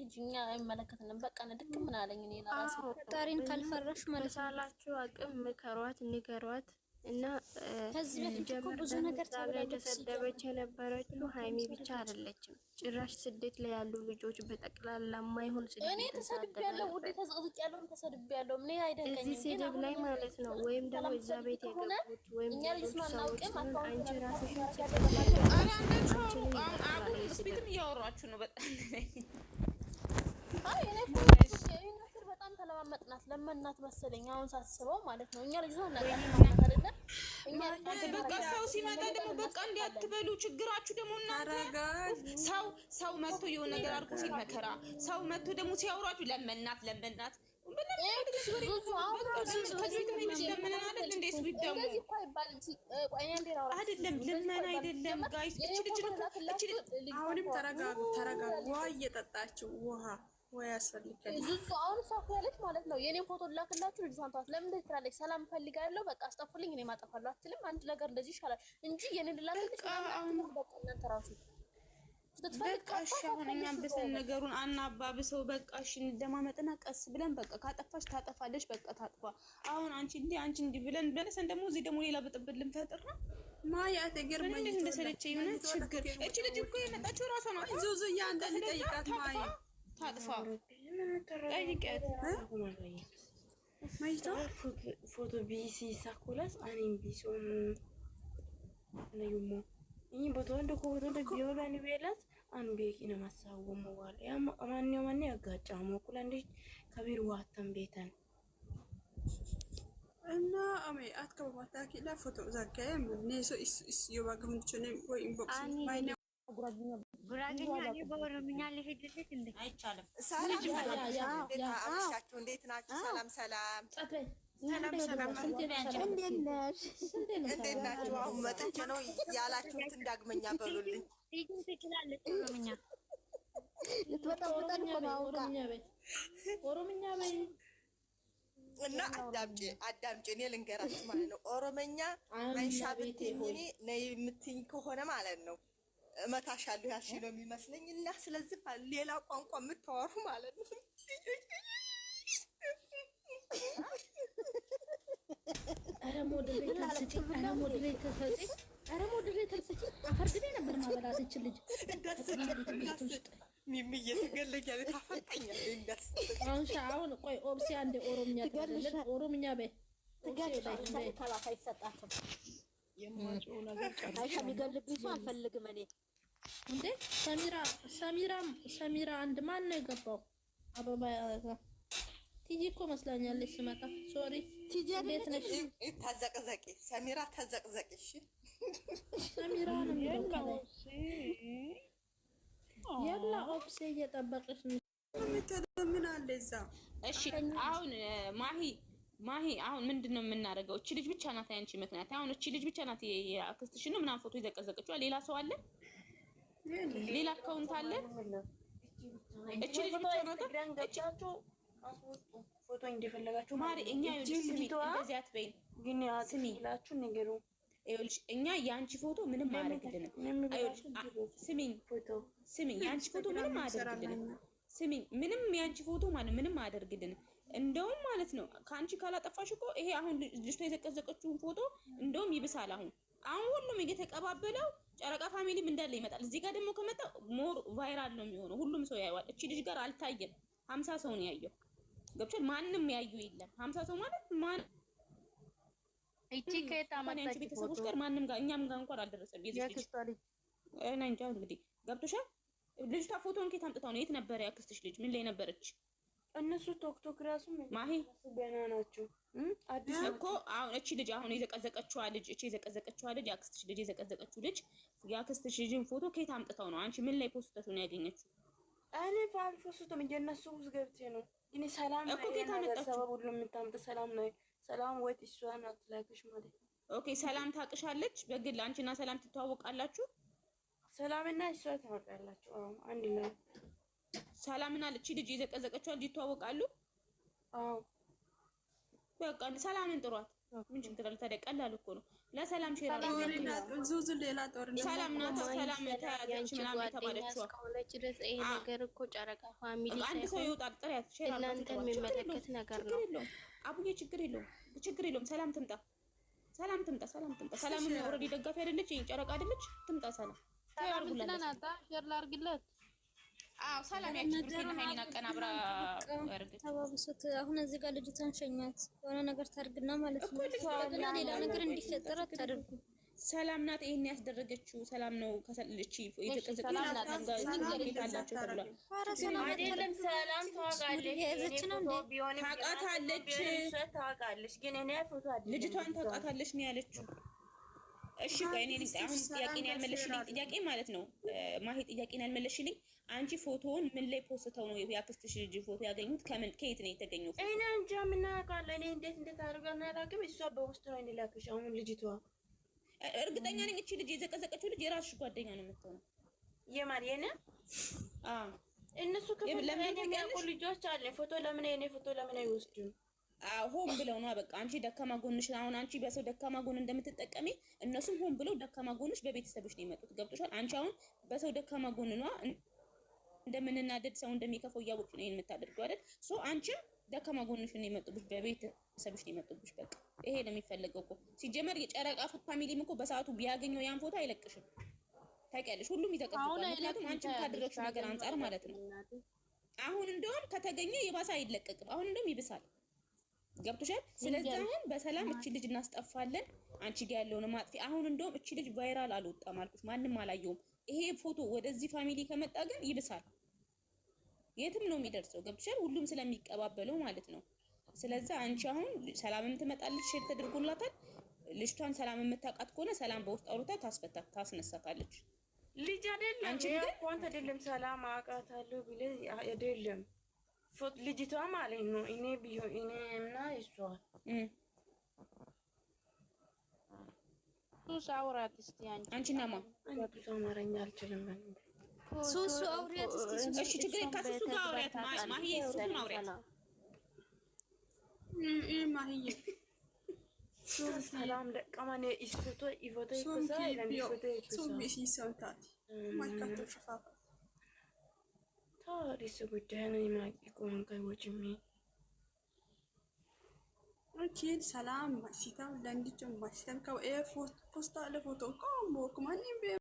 ሂጂ፣ አይመለከትንም። በቃ ንድቅ ምን አለኝ እኔ ለራሴ ፈጣሪን ካልፈራሽ ማለት ነው። አቅም ምከሯት፣ ንገሯት እና ከዚህ በፊት እኮ ብዙ ነገር የተሰደበች የነበረችው ሀይሚ ብቻ አይደለችም። ጭራሽ ስደት ላይ ያሉ ልጆች በጠቅላላ ማይሆን ስደት እኔ ተሰድቤያለሁ፣ ወደ ተዘቅዝቅ ያለውን ተሰድቤያለሁ። እኔ አይደንቀኝም እዚህ ስድብ ላይ ማለት ነው። ወይም ደግሞ እዛ ቤት የገቡት ወይም አንቺ ራስሽ ስደት ላይ ያሉ አንቺ ስደት ላይ ያሉ ስቤትም እያወሯችሁ ነው በጣም በጣም ተለማመጥናት ለመናት መሰለኝ አሁን ሳስበው ማለት ነው። እኛ ልጅ በቃ ሰው ሲመጣ ደግሞ በቃ እንዲህ ችግራችሁ ደግሞ እናንተ ሰው ሰው መቶ የሆነ ነገር አድርጎ ሲል መከራ ሰው መቶ ደግሞ ሲያወራችሁ ለመናት ለመናት አይደለም ልመና አይደለም። ጋይስ አሁንም ተረጋጉ፣ ተረጋጉ። ውሃ እየጠጣችሁ ውሃ ዙዙ አሁን ሳፍ ማለት ነው። የኔን ፎቶ ላክላችሁ ልጅቷን ተዋት። ለምን እንደዚህ ትላለች? ሰላም ፈልጋለሁ፣ በቃ አስጠፉልኝ፣ እኔ ማጠፋለሁ አትልም። አንድ ነገር እንደዚህ ይሻላል እንጂ የኔን ልላክልሽ በቃ እሺ፣ አሁን እኛም ብሰን ነገሩን አናባብሰው። በቃ እሺ፣ እንደማመጥና ቀስ ብለን በቃ ካጠፋሽ ታጠፋለሽ፣ በቃ ታጥፋ። አሁን አንቺ እንዲህ አንቺ እንዲህ ብለን በለሰን ደግሞ እዚህ ደግሞ ሌላ ብጥብጥ ልንፈጥር ነው። ማያ ተገርመኝ እንደሰለቸኝ የሆነ ችግር እቺ ልጅ እኮ የመጣችው ራሷ ናት። ዙዙ እያንዳንድ ጠይቃት ማያ ታጥፋ ጠይቀት ፎቶ ቢሲ ሳኮላስ አኔም ቢሶም ነዩሞ እኚ ቦቶንዶ ኮቦቶንዶ ቢዮላን ቤላት አንቤኪ ነማሳወሞ ዋለ ማኒ ማኒ አጋጫሞ ኩላንዴ ከቢር ዋተን ቤተን እና አሜ አትከባባታ ኪላ ፎቶ ዛጋ ምኔሶ ስ ስ ዮባ ገምቾኔ ወይ ኢንቦክስ ማይና ጉራግኛ እኔ በኦሮምኛ እንዴ? አይቻልም። ሰላም አመሻችሁ፣ እንዴት ናችሁ? ሰላም ሰላም እንዴት ናችሁ? አሁን መጥቼ ነው ያላችሁትን ዳግመኛ በሉልኝ። ኦሮምኛ ነው በይ እና እኔ ልንገራችሁ ማለት ነው ኦሮመኛ ነይ የምትይኝ ከሆነ ማለት ነው እመታሻለሁ ያልሽ ነው የሚመስለኝ። እና ስለዚህ ሌላ ቋንቋ የምታወሩ ማለት ነው። ኧረ ሞዴሬተር ስጪኝ! ኧረ ሞዴሬተር ስጪኝ! ኧረ ሞዴሬተር ስጪኝ! አፈርድሜ ነበር ማበላት እችል ልጅ ሚሚ እየተገለኛል ታፈጠኛል። አሁን አሁን ቆይ ኦብሲ አንዴ ኦሮምኛ ኦሮምኛ በይ ተላፋ አይሰጣትም የማውጪው የሚገልብኝ ሰው አልፈልግም እኔ እንዴ ሰሚራ ሰሚራ ሰሚራ አንድ ማን ነው የገባው? አበባ ቲጂ እኮ መስላኛለች ስመጣ። ሶሪ ቲጂ ቤት ነሽ። ታዘቅዘቂ ሰሚራ ታዘቅዘቂ። እሺ ሰሚራ ነው የሚለው የላ ኦፕሴ እየጠበቅሽ ነው። ምን አለ እዛ። እሺ አሁን ማሂ ማሄ አሁን ምንድን ነው የምናደርገው? እቺ ልጅ ብቻ ናት ያንቺ ምክንያት። አሁን እቺ ልጅ ብቻ ናት የአክስትሽን ነው ምናምን ፎቶ የዘቀዘቀችው። ሌላ ሰው አለ? ሌላ አካውንት አለ? እቺ ልጅ ብቻ ናት። ፎቶ እንደፈለጋችሁ ማሪ፣ እኛ እንደዚህ በይ ግን ስሚ ላችሁ ነገሩ ይኸውልሽ እኛ የአንቺ ፎቶ ምንም አያደርግልንም። ይኸውልሽ ስሚኝ፣ ስሚኝ የአንቺ ፎቶ ምንም አያደርግልንም። ስሚኝ ምንም የአንቺ ፎቶ ማለት ምንም አያደርግልንም። እንደውም ማለት ነው ከአንቺ ካላጠፋሽ እኮ ይሄ አሁን ልጅቷ የዘቀዘቀችውን ፎቶ እንደውም ይብሳል። አሁን አሁን ሁሉም እየተቀባበለው ጨረቃ ፋሚሊም እንዳለ ይመጣል። እዚህ ጋር ደግሞ ከመጣ ሞር ቫይራል ነው የሚሆነው። ሁሉም ሰው ያየዋል። እቺ ልጅ ጋር አልታየም። ሀምሳ ሰው ነው ያየው። ገብቶሻል? ማንም ያዩ የለም። ሀምሳ ሰው ማለት ማን እቺ ከየት ቤተሰቦች ጋር ማንም ጋር እኛም ጋር እንኳን አልደረሰም። እንጃ እንግዲህ ገብቶሻል? ልጅቷ ፎቶን ከየት አምጥታው ነው? የት ነበረ ያክስትሽ ልጅ? ምን ላይ ነበረች? እነሱ ቶክቶክ ራሱ ማሂ ገና ናቸው አዲስ እኮ። አሁን እቺ ልጅ አሁን የዘቀዘቀችዋ ልጅ እቺ የዘቀዘቀችዋ ልጅ የአክስትሽ ልጅ የዘቀዘቀችው ልጅ የአክስትሽ ልጅን ፎቶ ከየት አምጥተው ነው? አንቺ ምን ላይ ፖስተቱ ነው ያገኘችው? እኔ ፋልፎስቶም የነሱ ውስጥ ገብቼ ነው እኔ ሰላም እኮ ከየት አመጣችሁ? ሰበብ ሁሉ የምታምጥ ሰላም ነው። ሰላም ወይት እሷን አትላክሽ ማለት ነው። ኦኬ ሰላም ታቅሻለች በግል አንቺና ሰላም ትተዋወቃላችሁ? ሰላምና እሷ ታውቃላችሁ? አዎ አንድ ላይ ሰላምና ልቺ ልጅ የዘቀዘቀችው ልጅ ይተዋወቃሉ። በቃ ሰላምን ጥሯት። ምን ችግር አለ ታዲያ? ቀላል እኮ ነው። ለሰላም ሼር ዙዙ ሌላ ጦርነት ሰላም ናት። ሰላም ተያዘች ምናምን ተባለችው ከሆነች ድረስ ይሄ ነገር እኮ ጨረቃ ፋሚሊ አንድ ሰው ይወጣል። ጥሪያት ሼር እናንተ የሚመለከት ነገር ነው። አቡዬ ችግር የለውም፣ ችግር የለውም። ሰላም ትምጣ፣ ሰላም ትምጣ፣ ሰላም ትምጣ። ሰላም ኦልሬዲ ደጋፊ አይደለች፣ ጨረቃ አይደለች። ትምጣ ሰላም ሼር አድርጉላት፣ ሼር ላድርግላት አዎ ሰላም ያችን ተባብሶት አሁን እዚህ ጋር ልጅቷን ሸኛት የሆነ ነገር ታርግና ማለት ነው እና ሌላ ነገር እንዲፈጠር አታደርጉ። ሰላም ናት ይሄን ያስደረገችው ሰላም ነው። ከሰልቺ ታውቃታለች፣ ልጅቷን ታውቃታለች ነው ያለችው። እሺ ቆይ እኔ ልጅ አሁን ጥያቄን ያልመለሽልኝ ጥያቄ ማለት ነው ማሂ ጥያቄን ያልመለሽልኝ አንቺ ፎቶውን ምን ላይ ፖስተው ነው የአክስትሽ ልጅ ፎቶ ያገኙት ከምን ከየት ነው የተገኘው እኔ እንጃ ምን አውቃለሁ እኔ እንዴት እንዴት አድርጋ እናላቅም እሷ በውስጥ ነው እንላክሽ አሁን ልጅቷ እርግጠኛ ነኝ እቺ ልጅ የዘቀዘቀችው ልጅ የራስሽ ጓደኛ ነው የምትሆነው የማር የነ አዎ እነሱ ከፈለገ ለምን ልጆች አለ ፎቶ ለምን የኔ ፎቶ ለምን አይወስዱም ሆን ብለው ነው በቃ አንቺ ደካማ ጎንሽ አሁን አንቺ በሰው ደካማ ጎን እንደምትጠቀሚ እነሱም ሆን ብለው ደካማ ጎንሽ በቤተሰቦች ነው የመጡት። ገብቶሻል? አንቺ አሁን በሰው ደካማ ጎን ነዋ እንደምንናደድ ሰው እንደሚከፈው እያወቅሽ ነው ይሄን የምታደርገው አይደል? ሶ አንቺም ደካማ ጎንሽ ነው የመጡብሽ፣ በቤተሰብሽ ነው የመጡብሽ። በቃ ይሄ ነው የሚፈለገው እኮ ሲጀመር። የጨረቃ ፋሚሊም እኮ በሰዓቱ ቢያገኘው ያን ፎቶ አይለቅሽም። ታውቂያለሽ፣ ሁሉም ይተቀበላል። ምክንያቱም አንቺም ካደረግሽ ነገር አንጻር ማለት ነው። አሁን እንደውም ከተገኘ የባሰ አይለቀቅም። አሁን እንደውም ይብሳል። ገብቶሻል። ስለዚህ አሁን በሰላም እቺ ልጅ እናስጠፋለን። አንቺ ጋ ያለውን ማጥፊ አሁን እንደውም እቺ ልጅ ቫይራል አልወጣም አልኩሽ፣ ማንም አላየውም። ይሄ ፎቶ ወደዚህ ፋሚሊ ከመጣ ግን ይብሳል፣ የትም ነው የሚደርሰው። ገብቶሻል። ሁሉም ስለሚቀባበለው ማለት ነው። ስለዚህ አንቺ አሁን ሰላምም ትመጣለች፣ ሼር ተደርጎላታል። ልጅቷን ሰላም የምታውቃት ከሆነ ሰላም በውስጥ አውርታ ታስፈታ ታስነሳታለች። ልጅ አይደለም አንቺ ግን አይደለም ሰላም አውቃታለሁ ብለህ አይደለም ልጅቷ ማለት ነው። እኔ ቢሆ እኔ እና እሷ ሱስ አውራት እስቲ አንቺ አንቺ ናማ አንቺ አማርኛ አልችልም። ሱስ አውራት እስቲ እሺ፣ ችግር ከሱሱ ጋር አውራት ማህዬ፣ ሱሱን አውራት እህ ማህዬ ሱስ ሰላም ደቀማኔ ይስቶ ይፎቶ ይኮሳ ይላል ይፎቶ ይኮሳ ሱስ ቢሲ ሰንታት ማይካቶ ሸፋፋ Oh, at least you're pretending and you're like, you're going to be watching me. Okay, salam. Masih tahu dan dia masih tahu kau air eh, post tak ada foto kau. Kau mana yang